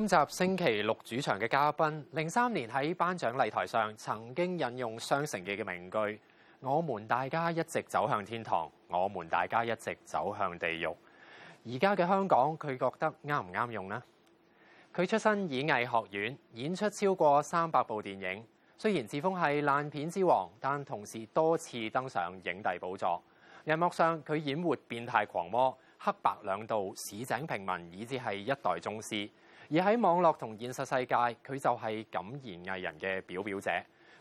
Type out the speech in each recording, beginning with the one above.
今集星期六主場嘅嘉賓，零三年喺頒獎禮台上曾經引用《雙城記》嘅名句：「我們大家一直走向天堂，我們大家一直走向地獄」。而家嘅香港，佢覺得啱唔啱用呢？佢出身演藝學院，演出超過三百部電影。雖然自封係爛片之王，但同時多次登上影帝寶座。銀幕上佢演活變態狂魔、黑白兩道、市井平民，以至係一代宗師。而喺網絡同現實世界，佢就係敢言藝人嘅表表者，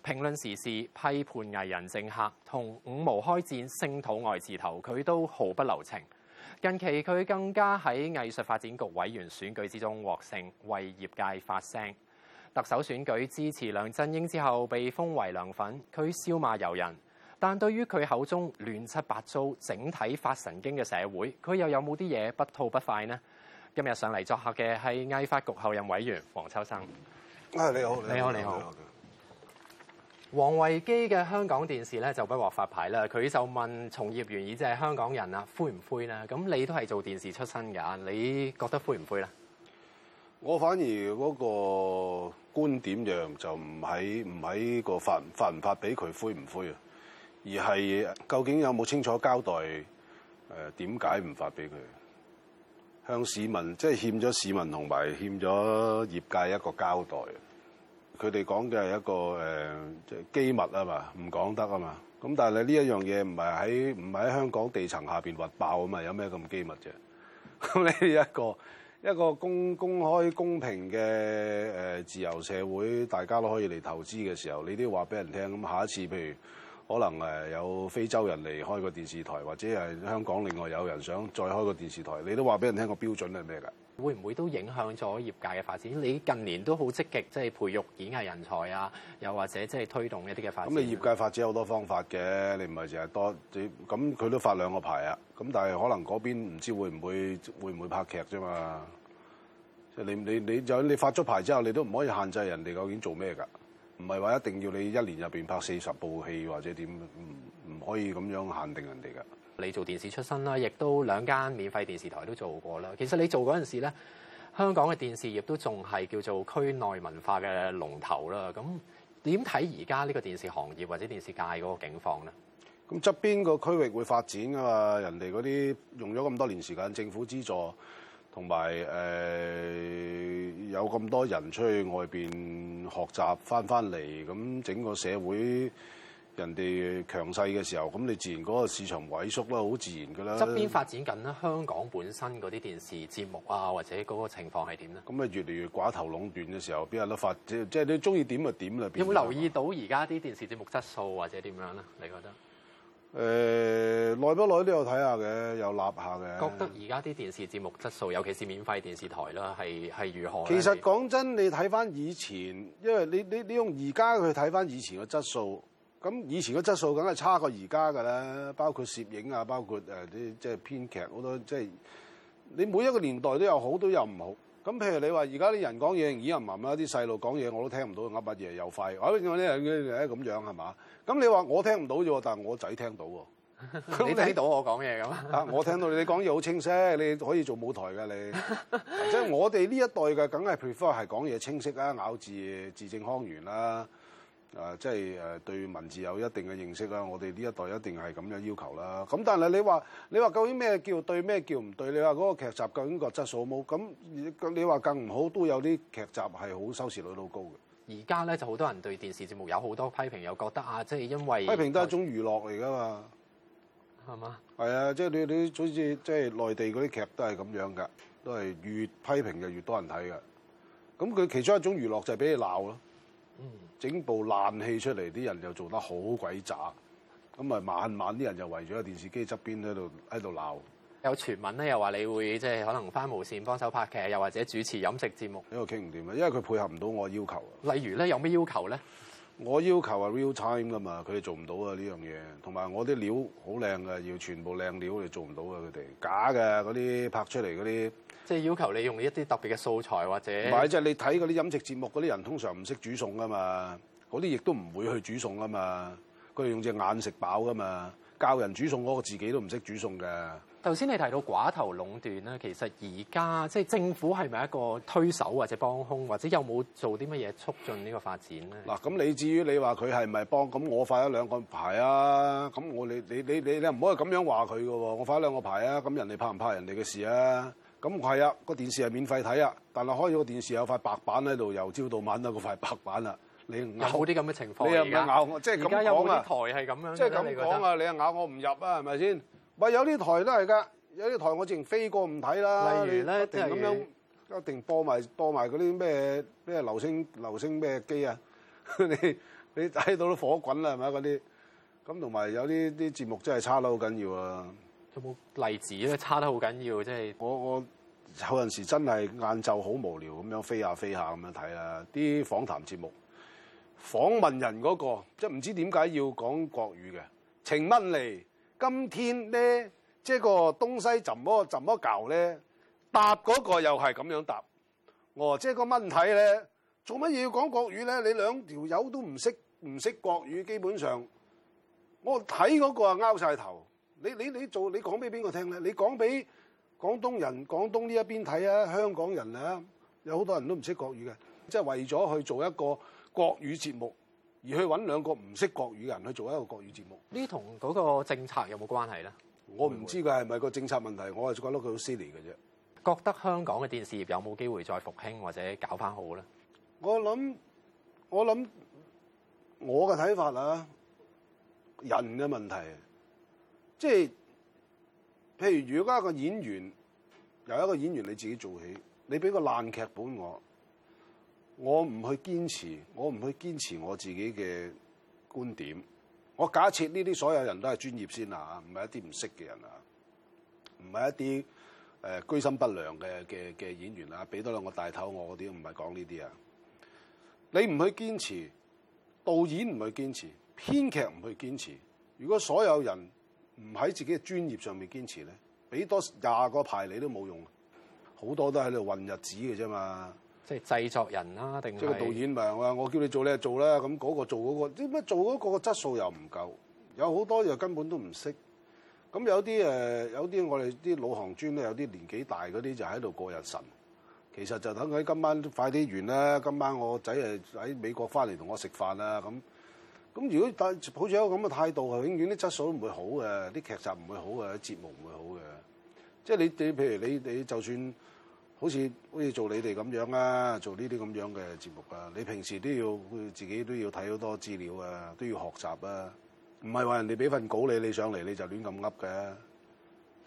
評論時事、批判藝人政客、同五毛開戰、聲討愛字頭，佢都毫不留情。近期佢更加喺藝術發展局委員選舉之中獲勝，為業界發聲。特首選舉支持梁振英之後，被封為梁粉，佢笑罵由人。但對於佢口中亂七八糟、整體發神經嘅社會，佢又有冇啲嘢不吐不快呢？今日上嚟作客嘅係藝發局候任委員黃秋生。誒、啊、你好，你好你好。王維基嘅香港電視咧就不獲發牌啦。佢就問從業員，以即係香港人啊，灰唔灰咧？咁你都係做電視出身噶，你覺得灰唔灰咧？我反而嗰個觀點樣就就唔喺唔喺個發發唔發俾佢灰唔灰啊，而係究竟有冇清楚交代誒點解唔發俾佢？向市民即係欠咗市民同埋欠咗業界一個交代，佢哋講嘅係一個誒、呃、機密啊嘛，唔講得啊嘛。咁但係你呢一樣嘢唔係喺唔係喺香港地層下邊核爆啊嘛，有咩咁機密啫？咁 你呢一個一個公公開公平嘅誒、呃、自由社會，大家都可以嚟投資嘅時候，你都要話俾人聽。咁下一次譬如。可能誒有非洲人嚟開個電視台，或者係香港另外有人想再開個電視台，你都話俾人聽個標準係咩㗎？會唔會都影響咗業界嘅發展？你近年都好積極，即係培育演藝人才啊，又或者即係推動一啲嘅發展。咁你業界發展好多方法嘅，你唔係淨係多，你咁佢都發兩個牌啊。咁但係可能嗰邊唔知會唔會會唔會拍劇啫嘛？即係你你你有你發咗牌之後，你都唔可以限制人哋究竟做咩㗎？唔係話一定要你一年入面拍四十部戲或者點，唔唔可以咁樣限定人哋㗎。你做電視出身啦，亦都兩間免費電視台都做過啦。其實你做嗰陣時咧，香港嘅電視業都仲係叫做區內文化嘅龍頭啦。咁點睇而家呢個電視行業或者電視界嗰個景況咧？咁側邊個區域會發展㗎嘛？人哋嗰啲用咗咁多年時間，政府資助。同埋誒有咁、呃、多人出去外邊學習翻翻嚟，咁整個社會人哋強勢嘅時候，咁你自然嗰個市場萎縮啦，好自然㗎啦。側邊發展緊啦，香港本身嗰啲電視節目啊，或者嗰個情況係點咧？咁啊，越嚟越寡頭壟斷嘅時候，邊有得發？即係你中意點咪點啦？有冇留意到而家啲電視節目質素或者點樣咧？你覺得？誒耐、呃、不耐都有睇下嘅，有立下嘅。覺得而家啲電視節目質素，尤其是免費電視台啦，係係如何，其實講真，你睇返以前，因為你你你用而家去睇返以前嘅質素，咁以前嘅質素梗係差過而家㗎啦。包括攝影啊，包括誒啲、呃、即係編劇好多，即係你每一個年代都有好都有唔好。咁譬如你話而家啲人講嘢耳唔聞啦，啲細路講嘢我都聽唔到，噏乜嘢又廢，我見到啲咁樣係嘛？咁你話我聽唔到啫喎，但係我仔聽到喎。 你睇到我講嘢㗎？啊 我聽到你講嘢好清晰，你可以做舞台㗎你。即 係 我哋呢一代嘅，梗係 prefer 係講嘢清晰啦，咬字字正腔圓啦。啊，即係誒對文字有一定嘅認識啦，我哋呢一代一定係咁嘅要求啦。咁但係你話，你話究竟咩叫對，咩叫唔對？你話嗰個劇集究竟個質素冇？咁你話更唔好都有啲劇集係好收視率都高嘅。而家咧就好多人對電視節目有好多批評，又覺得啊，即係因為批評都係一種娛樂嚟噶嘛，係嘛？係啊，即係你你好似即係內地嗰啲劇都係咁樣㗎，都係越批評就越多人睇嘅。咁佢其中一種娛樂就係俾你鬧咯。整部爛戲出嚟，啲人又做得好鬼渣，咁啊晚晚啲人又圍咗喺電視機側邊喺度喺度鬧。有傳聞咧，又話你會即係可能返無綫幫手拍劇，又或者主持飲食節目。呢個傾唔掂啊，因為佢配合唔到我要求。例如咧，有咩要求咧？我要求係 real time 㗎嘛，佢哋做唔到啊呢樣嘢，同埋我啲料好靚嘅，要全部靚料你做唔到啊佢哋假嘅嗰啲拍出嚟嗰啲，即係要求你用一啲特別嘅素材或者，唔係即係你睇嗰啲飲食節目嗰啲人通常唔識煮餸㗎嘛，嗰啲亦都唔會去煮餸㗎嘛，佢哋用隻眼食飽㗎嘛，教人煮餸嗰個自己都唔識煮餸㗎。頭先你提到寡頭壟斷啦，其實而家即係政府係咪一個推手或者幫兇，或者有冇做啲乜嘢促進呢個發展咧？嗱，咁你至於你話佢係咪幫？咁我發咗兩個牌啊，咁我你你你你你唔可以咁樣話佢嘅喎，我發咗兩個牌啊，咁人哋拍唔拍人哋嘅事啊？咁係啊，個電視係免費睇啊，但係開咗個電視有塊白板喺度，由朝到晚啊，嗰塊白板啊，你有啲咁嘅情況，你又不唔咬我？即係咁講啊，有啲台係咁樣，即係咁講啊，你又咬我唔入啊？係咪先？咪有啲台都係㗎，有啲台我直情飛過唔睇啦。例如咧，定係咁樣一定播埋播埋嗰啲咩咩流星流星咩機啊？ 你你睇到都火滾啦，係咪？嗰啲，咁同埋有啲啲節目真係差得好緊要啊！嗯、有冇例子咧？差得好緊要，即係。我我有陣時真係晏晝好無聊咁樣飛下飛下咁樣睇啦。啲訪談節目訪問人嗰個即係唔知點解要講國語嘅程文利。請問你今天呢，即係個東西怎麼怎麼搞呢？答嗰個又係咁樣答。哦，即係個問題呢，做乜嘢要講國語呢？你兩條友都唔識唔識國語，基本上我睇嗰個啊，拗晒頭，你你你做你講俾邊個聽呢？你講俾廣東人廣東呢一邊睇啊！香港人啊，有好多人都唔識國語嘅，即係為咗去做一個國語節目。而去揾兩個唔識國語嘅人去做一個國語節目，呢同嗰個政策有冇關係咧？我唔知佢係咪個政策問題，我係覺得佢好 silly 嘅啫。覺得香港嘅電視業有冇機會再復興或者搞翻好咧？我諗，我諗，我嘅睇法啦、啊，人嘅問題，即係譬如如果一個演員由一個演員你自己做起，你俾個爛劇本我。我唔去堅持，我唔去堅持我自己嘅觀點。我假設呢啲所有人都係專業先啦，唔係一啲唔識嘅人啊，唔係一啲誒、呃、居心不良嘅嘅嘅演員啊，俾多兩個大頭我嗰啲唔係講呢啲啊。你唔去堅持，導演唔去堅持，編劇唔去堅持。如果所有人唔喺自己嘅專業上面堅持咧，俾多廿個牌你都冇用，好多都喺度混日子嘅啫嘛。即係製作人啦、啊，定即係導演咪話：我叫你做你就做啦。咁嗰個做嗰個，點做嗰、嗰個做、嗰個、質素又唔夠，有好多又根本都唔識。咁有啲誒，有啲我哋啲老行專咧，有啲年紀大嗰啲就喺度過日神。其實就等佢今晚快啲完啦。今晚我仔誒喺美國翻嚟同我食飯啦。咁。咁如果帶好似一個咁嘅態度，永遠啲質素都唔會好嘅，啲劇集唔會好嘅，節目唔會好嘅。即係你你譬如你你就算。好似好似做你哋咁樣啊，做呢啲咁樣嘅節目啊，你平時都要自己都要睇好多資料啊，都要學習啊，唔係話人哋俾份稿你，你上嚟你就亂咁噏嘅。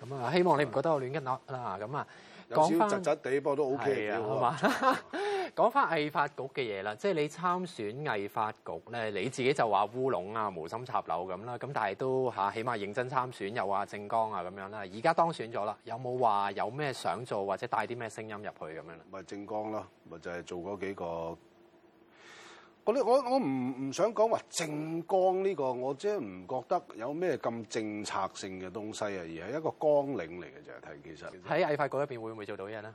咁啊，希望你唔覺得我亂噏啦，咁啊，講翻窒窒地，不過都 O K 啊，好嘛吧。 講翻藝發局嘅嘢啦，即係你參選藝發局咧，你自己就話烏龍啊、無心插柳咁啦。咁但係都嚇，起碼認真參選，又話政綱啊咁樣啦。而家當選咗啦，有冇話有咩想做，或者帶啲咩聲音入去咁樣咧？咪政綱咯，咪就係、是、做嗰幾個。我我唔唔想講話政綱呢個，我即係唔覺得有咩咁政策性嘅東西啊，而係一個綱領嚟嘅就係睇其實、就是。喺藝發局入邊會唔會做到嘢咧？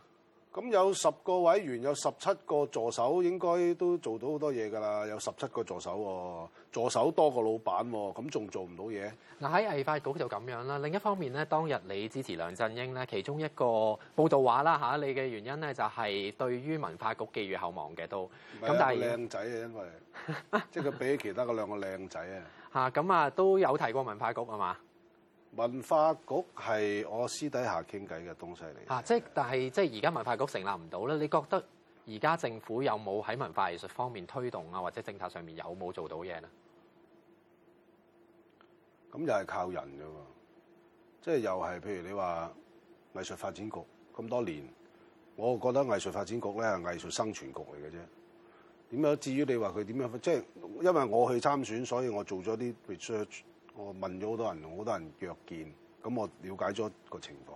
咁有十個委員，有十七個助手，應該都做到好多嘢㗎啦。有十七個助手，助手多過老闆喎，咁仲做唔到嘢？嗱，喺藝發局就咁樣啦。另一方面咧，當日你支持梁振英咧，其中一個報道話啦嚇，你嘅原因咧就係對於文化局寄予厚望嘅都。唔係是，但係靚是仔啊，因為 即係佢比其他嗰兩個靚仔 啊嚇，咁啊都有提過文化局啊嘛。文化局係我私底下傾偈嘅東西嚟嘅。嚇、啊，即係但係即係而家文化局成立唔到咧。你覺得而家政府有冇喺文化藝術方面推動啊，或者政策上面有冇做到嘢呢？咁又係靠人嘅喎，即係又係譬如你話藝術發展局咁多年，我覺得藝術發展局咧係藝術生存局嚟嘅啫。點樣？至於你話佢點樣？即係因為我去參選，所以我做咗啲 research。我問咗好多人，好多人約見，咁我了解咗個情況。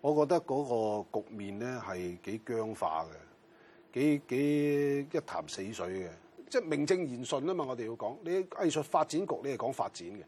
我覺得嗰個局面咧係幾僵化嘅，幾幾一潭死水嘅。即係名正言順啊嘛，我哋要講你藝術發展局，你係講發展嘅。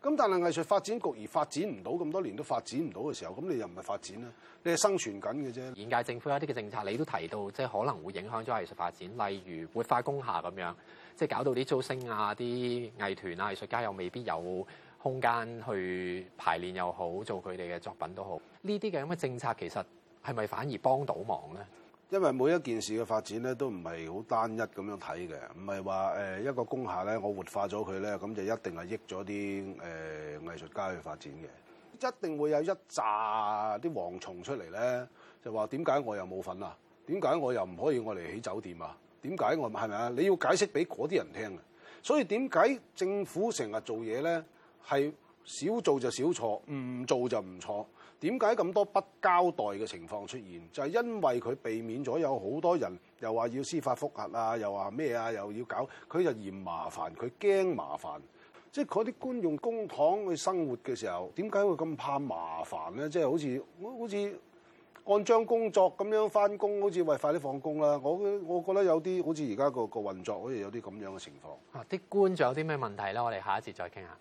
咁但係藝術發展局而發展唔到咁多年都發展唔到嘅時候，咁你又唔係發展咧？你係生存緊嘅啫。現屆政府有啲嘅政策，你都提到，即係可能會影響咗藝術發展，例如活化工廈咁樣，即係搞到啲租升啊，啲藝團啊、藝術家又未必有空間去排練又好，做佢哋嘅作品都好。呢啲嘅咁嘅政策，其實係咪反而幫到忙咧？因為每一件事嘅發展咧，都唔係好單一咁樣睇嘅，唔係話誒一個工廈咧，我活化咗佢咧，咁就一定係益咗啲誒藝術家去發展嘅。一定會有一紮啲蝗蟲出嚟咧，就話點解我又冇份啊？點解我又唔可以我嚟起酒店啊？點解我係咪啊？你要解釋俾嗰啲人聽啊！所以點解政府成日做嘢咧，係少做就少錯，唔做就唔錯。點解咁多不交代嘅情況出現？就係因為佢避免咗有好多人又話要司法覆核啊，又話咩啊，又要搞佢就嫌麻煩，佢驚麻煩。即係嗰啲官用公帑去生活嘅時候，點解會咁怕麻煩咧？即係好似好似按章工作咁樣翻工，好似喂，快啲放工啦！我，我覺得有啲好似而家個個運作好似有啲咁樣嘅情況。啊，啲官仲有啲咩問題咧？我哋下一節再傾下。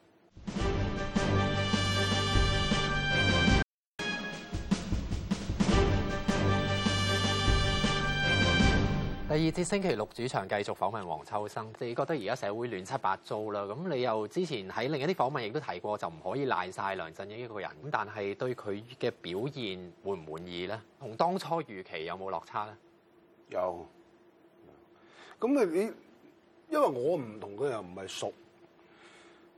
第二節星期六主場繼續訪問黃秋生。你覺得而家社會亂七八糟啦，咁你又之前喺另一啲訪問亦都提過，就唔可以賴晒梁振英一個人。咁但係對佢嘅表現滿唔滿意咧？同當初預期有冇落差咧？有。咁啊，你因為我唔同佢又唔係熟，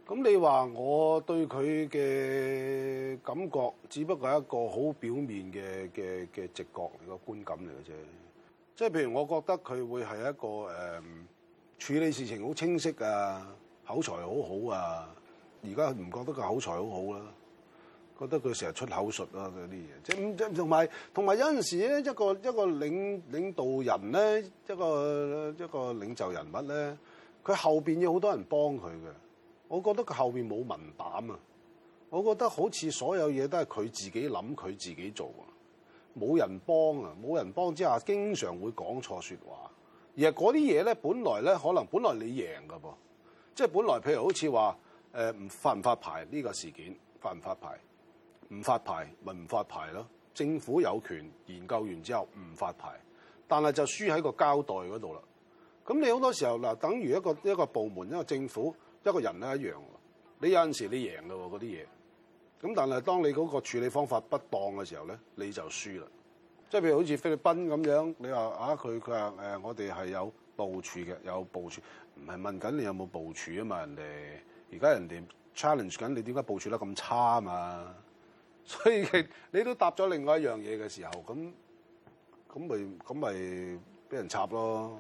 咁你話我對佢嘅感覺，只不過係一個好表面嘅嘅嘅直覺、一個觀感嚟嘅啫。即係譬如，我覺得佢會係一個誒、呃、處理事情好清晰啊，口才好好啊。而家唔覺得佢口才好好啦，覺得佢成日出口術啊啲嘢。即係咁，同埋同埋有陣時咧，一個一個領領導人咧，一個一個領袖人物咧，佢後邊有好多人幫佢嘅。我覺得佢後邊冇文膽啊！我覺得好似所有嘢都係佢自己諗，佢自己做啊！冇人幫啊！冇人幫之下，經常會講錯説話。而係嗰啲嘢咧，本來咧，可能本來你贏㗎噃，即係本來譬如好似話誒唔發唔發牌呢個事件，發唔發牌，唔發牌咪唔發牌咯。政府有權研究完之後唔發牌，但係就輸喺個交代嗰度啦。咁你好多時候嗱、呃，等於一個一個部門、一個政府、一個人咧一樣。你有陣時你贏㗎喎嗰啲嘢。咁但係當你嗰個處理方法不當嘅時候咧，你就輸啦。即係譬如好似菲律賓咁樣，你話啊佢佢話誒我哋係有部署嘅，有部署，唔係問緊你有冇部署啊嘛？人哋而家人哋 challenge 緊你點解部署得咁差啊嘛？所以你都答咗另外一樣嘢嘅時候，咁咁咪咁咪俾人插咯。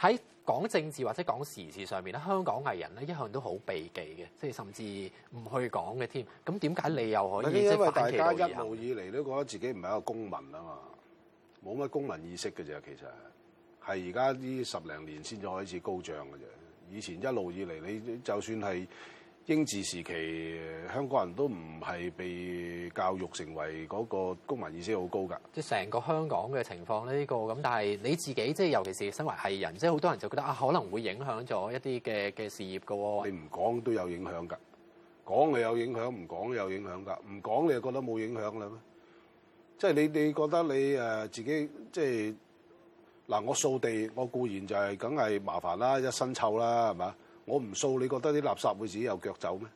喺講政治或者講時事上面咧，香港藝人咧一向都好避忌嘅，即係甚至唔去講嘅添。咁點解你又可以？因為大家一路以嚟都覺得自己唔係一個公民啊嘛，冇乜公民意識嘅啫。其實係而家呢十零年先至開始高漲嘅啫。以前一路以嚟，你就算係。英治時期，香港人都唔係被教育成為嗰個公民意識好高㗎。即係成個香港嘅情況咧，呢個咁，但係你自己即係，尤其是身為藝人，即係好多人就覺得啊，可能會影響咗一啲嘅嘅事業㗎喎。你唔講都有影響㗎，講你有影響，唔講有影響㗎，唔講你又覺得冇影響啦咩？即係你你覺得你誒、呃、自己即係嗱、呃，我掃地，我固然就係梗係麻煩啦，一身臭啦，係嘛？我唔掃，你覺得啲垃圾會自己有腳走咩？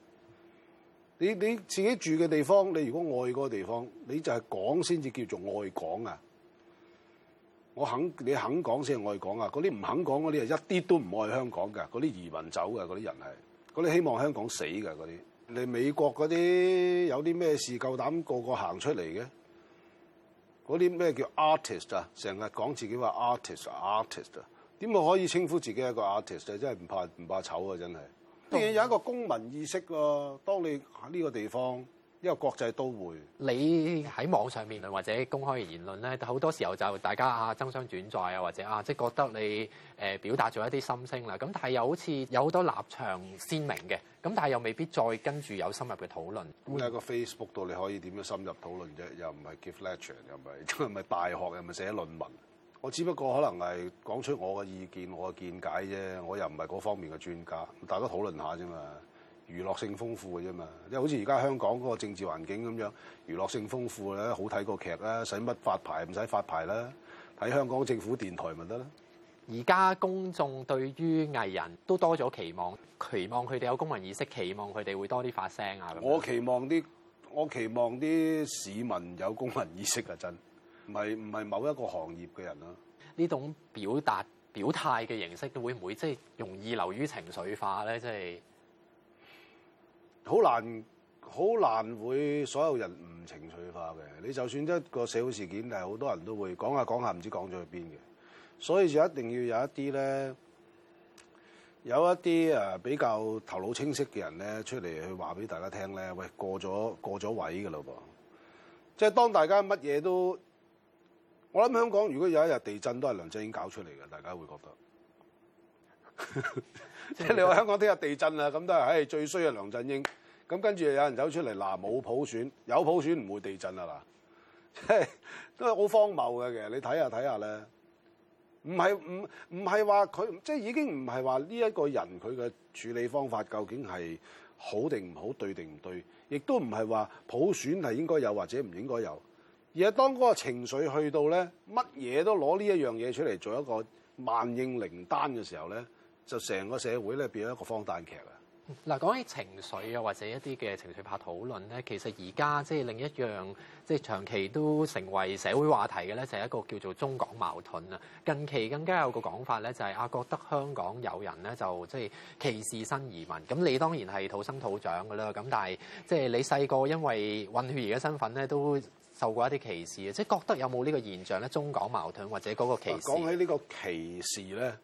你你自己住嘅地方，你如果愛嗰個地方，你就係講先至叫做愛港啊！我肯，你肯講先係愛港啊！嗰啲唔肯講嗰啲係，一啲都唔愛香港嘅，嗰啲移民走嘅嗰啲人係，嗰啲希望香港死嘅嗰啲。你美國嗰啲有啲咩事夠膽個個行出嚟嘅？嗰啲咩叫 artist 啊？成日講自己話 artist，artist。藝點樣可以稱呼自己係一個 artist 啊？真係唔怕唔怕醜啊！真係，當然有一個公民意識喎、啊。當你喺呢個地方，一個國際都會，你喺網上面或者公開嘅言論咧，好多時候就大家啊爭相轉載啊，或者啊即係覺得你誒表達咗一啲心聲啦。咁但係又好似有好多立場鮮明嘅，咁但係又未必再跟住有深入嘅討論。咁喺會個 Facebook 度你可以點樣深入討論啫？又唔係 give lecture，又唔係唔係大學，又唔係寫論文。我只不過可能係講出我嘅意見，我嘅見解啫。我又唔係嗰方面嘅專家，大家討論下啫嘛，娛樂性豐富嘅啫嘛。因為好似而家香港嗰個政治環境咁樣，娛樂性豐富咧，好睇個劇啦，使乜發牌唔使發牌啦，睇香港政府電台咪得啦。而家公眾對於藝人都多咗期望，期望佢哋有公民意識，期望佢哋會多啲發聲啊。我期望啲，我期望啲市民有公民意識啊！真。唔係唔係某一個行業嘅人啦。呢種表達表態嘅形式都會唔會即係容易流於情緒化咧？即係好難好難會所有人唔情緒化嘅。你就算一個社會事件但係好多人都會講下講下唔知講咗去邊嘅，所以就一定要有一啲咧，有一啲誒、啊、比較頭腦清晰嘅人咧出嚟去話俾大家聽咧。喂，過咗過咗位㗎嘞噃。即係當大家乜嘢都～我諗香港如果有一日地震都係梁振英搞出嚟嘅，大家會覺得。即 係你話香港聽日地震啦，咁都係，唉、哎、最衰啊梁振英。咁跟住有人走出嚟嗱，冇普選，有普選唔會地震啊嗱，即係都係好荒謬嘅。其實你睇下睇下咧，唔係唔唔係話佢，即係、就是、已經唔係話呢一個人佢嘅處理方法究竟係好定唔好，對定唔對？亦都唔係話普選係應該有或者唔應該有。而係當嗰個情緒去到咧，乜嘢都攞呢一樣嘢出嚟做一個萬應靈丹嘅時候咧，就成個社會咧變咗一個荒誕劇啊！嗱，講起情緒啊，或者一啲嘅情緒化討論咧，其實而家即係另一樣即係、就是、長期都成為社會話題嘅咧，就係一個叫做中港矛盾啊。近期更加有個講法咧，就係啊，覺得香港有人咧就即係、就是、歧視新移民。咁你當然係土生土長㗎啦。咁但係即係你細個因為混血兒嘅身份咧都，受過一啲歧視啊，即係覺得有冇呢個現象咧？中港矛盾或者嗰個歧視，講起呢個歧視咧，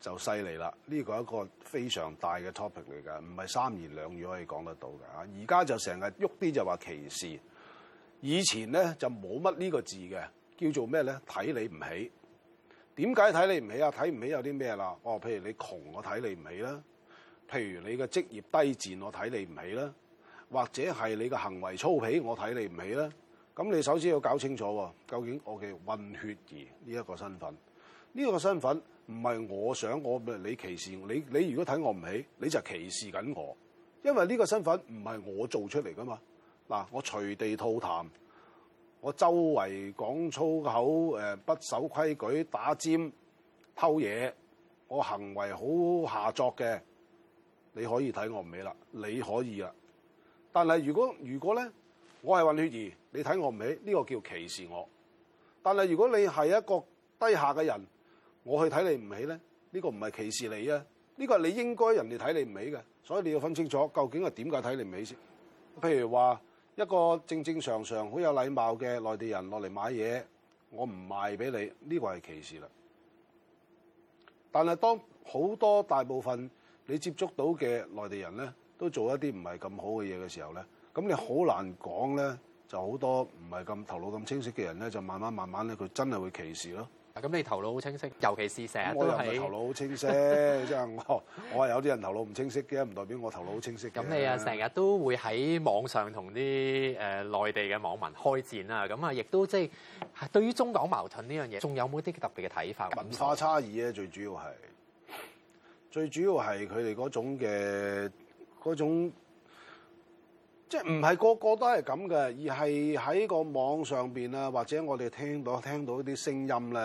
就犀利啦。呢個係一個非常大嘅 topic 嚟㗎，唔係三言兩語可以講得到㗎啊。而家就成日喐啲就話歧視，以前咧就冇乜呢個字嘅，叫做咩咧？睇你唔起，點解睇你唔起啊？睇唔起有啲咩啦？哦，譬如你窮，我睇你唔起啦；譬如你嘅職業低賤，我睇你唔起啦；或者係你嘅行為粗鄙，我睇你唔起啦。咁你首先要搞清楚喎，究竟我嘅混血兒呢一個身份，呢個身份唔係我想我你歧視你，你如果睇我唔起，你就歧視緊我，因為呢個身份唔係我做出嚟㗎嘛。嗱，我隨地吐痰，我周圍講粗口，誒、呃、不守規矩，打尖、偷嘢，我行為好下作嘅，你可以睇我唔起啦，你可以啊，但係如果如果咧？我係混血兒，你睇我唔起，呢個叫歧視我。但係如果你係一個低下嘅人，我去睇你唔起呢？呢個唔係歧視你啊，呢個係你應該人哋睇你唔起嘅。所以你要分清楚究竟係點解睇你唔起先。譬如話一個正正常常、好有禮貌嘅內地人落嚟買嘢，我唔賣俾你，呢個係歧視啦。但係當好多大部分你接觸到嘅內地人呢，都做一啲唔係咁好嘅嘢嘅時候呢。咁你好難講咧，就好多唔係咁頭腦咁清晰嘅人咧，就慢慢慢慢咧，佢真係會歧視咯。咁你頭腦好清晰，尤其是成日都係。 我都係頭腦好清晰，即係 我我係有啲人頭腦唔清晰嘅，唔代表我頭腦好清晰。咁你啊，成日都會喺網上同啲誒內地嘅網民開戰啦。咁啊、就是，亦都即係對於中港矛盾呢樣嘢，仲有冇啲特別嘅睇法？文化差異咧， 最主要係最主要係佢哋嗰種嘅嗰即係唔係個個都係咁嘅，而係喺個網上邊啊，或者我哋聽到聽到一啲聲音咧，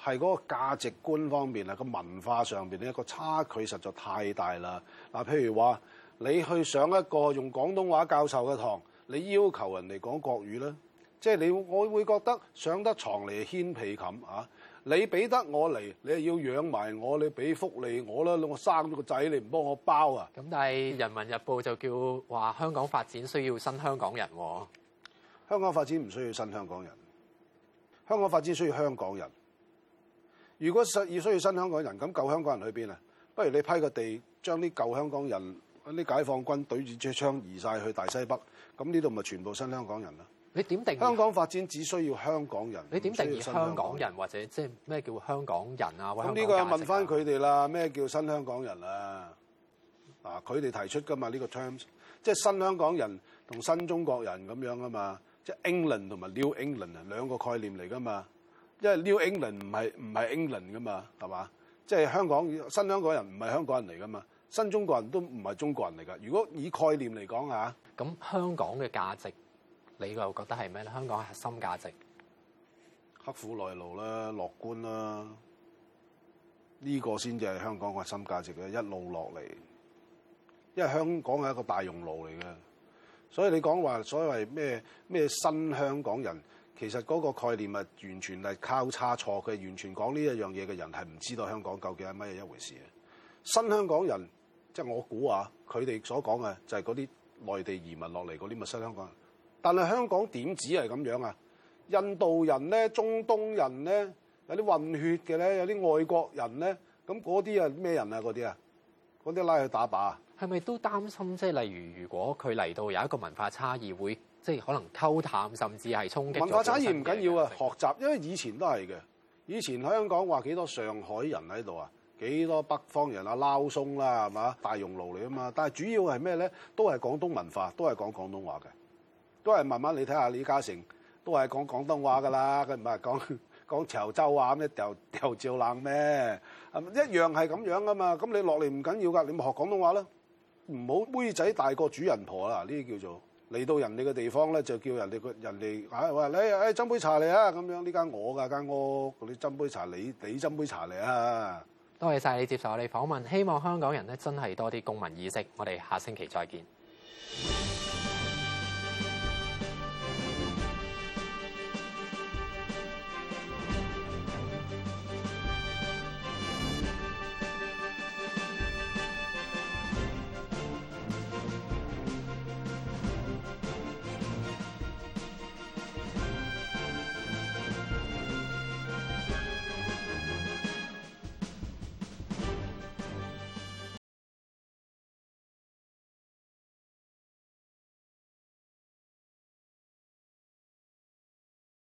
係嗰個價值觀方面啊，個文化上邊嘅一個差距實在太大啦。嗱，譬如話你去上一個用廣東話教授嘅堂，你要求人哋講國語咧，即係你我會覺得上得床嚟掀被冚啊！你俾得我嚟，你又要養埋我，你俾福利我啦，我生咗個仔，你唔幫我包啊？咁但係《人民日報》就叫話香港發展需要新香港人喎、哦。香港發展唔需要新香港人，香港發展需要香港人。如果要需要新香港人，咁舊香港人去邊啊？不如你批個地，將啲舊香港人搵啲解放軍對住支槍移晒去大西北，咁呢度咪全部新香港人啦？你點定？香港發展只需要香港人。你點定義香港人，香港人或者即係咩叫香港人啊？咁呢、啊、個問翻佢哋啦。咩叫新香港人啊？嗱、啊，佢哋提出噶嘛呢、呢個 terms，即係新香港人同新中國人咁樣啊嘛。即係 England 同埋 New England 啊，兩個概念嚟噶嘛。因為 New England 唔係唔係 England 噶嘛，係嘛？即係香港新香港人唔係香港人嚟噶嘛，新中國人都唔係中國人嚟噶。如果以概念嚟講啊，咁香港嘅價值。你又覺得係咩咧？香港核心價值，刻苦耐勞啦，樂觀啦。呢個先至係香港核心價值嘅一路落嚟。因為香港係一個大熔爐嚟嘅，所以你講話所謂咩咩新香港人，其實嗰個概念啊，完全係交叉錯嘅。完全講呢一樣嘢嘅人係唔知道香港究竟係乜嘢一回事嘅新香港人。即係我估啊，佢哋所講嘅就係嗰啲內地移民落嚟嗰啲，咪新香港人。但係香港點止係咁樣啊？印度人咧、中東人咧，有啲混血嘅咧，有啲外國人咧，咁嗰啲係咩人啊？嗰啲啊，嗰啲拉去打靶係、啊、咪都擔心即係？例如如果佢嚟到有一個文化差異，會即係可能溝淡，甚至係衝擊文化差異唔緊要啊。學習因為以前都係嘅，以前香港話幾多上海人喺度啊？幾多北方人啊？撈鬆啦、啊，係嘛？大熔爐嚟啊嘛，但係主要係咩咧？都係廣東文化，都係講廣東話嘅。 都係慢慢，你睇下李嘉誠都係講廣東話噶啦，佢唔係講講潮州話咩？咧，又又照冷咩？一樣係咁樣噶嘛。咁你落嚟唔緊要噶，你咪學廣東話咯。唔好妹仔大過主人婆啦，呢啲叫做嚟到人哋嘅地方咧，就叫人哋個人哋，哎，話、哎、你，哎斟杯茶嚟啊，咁樣呢間我噶間屋，你斟杯茶，你你斟杯茶嚟啊！多謝晒你接受我哋訪問，希望香港人咧真係多啲公民意識。我哋下星期再見。